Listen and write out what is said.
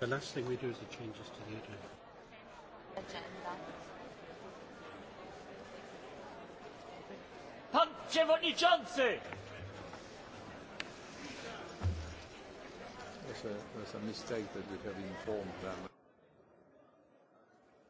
The last thing we do is the changes to the agenda. Pan Przewodniczący! There's a, there's a mistake that we have informed them.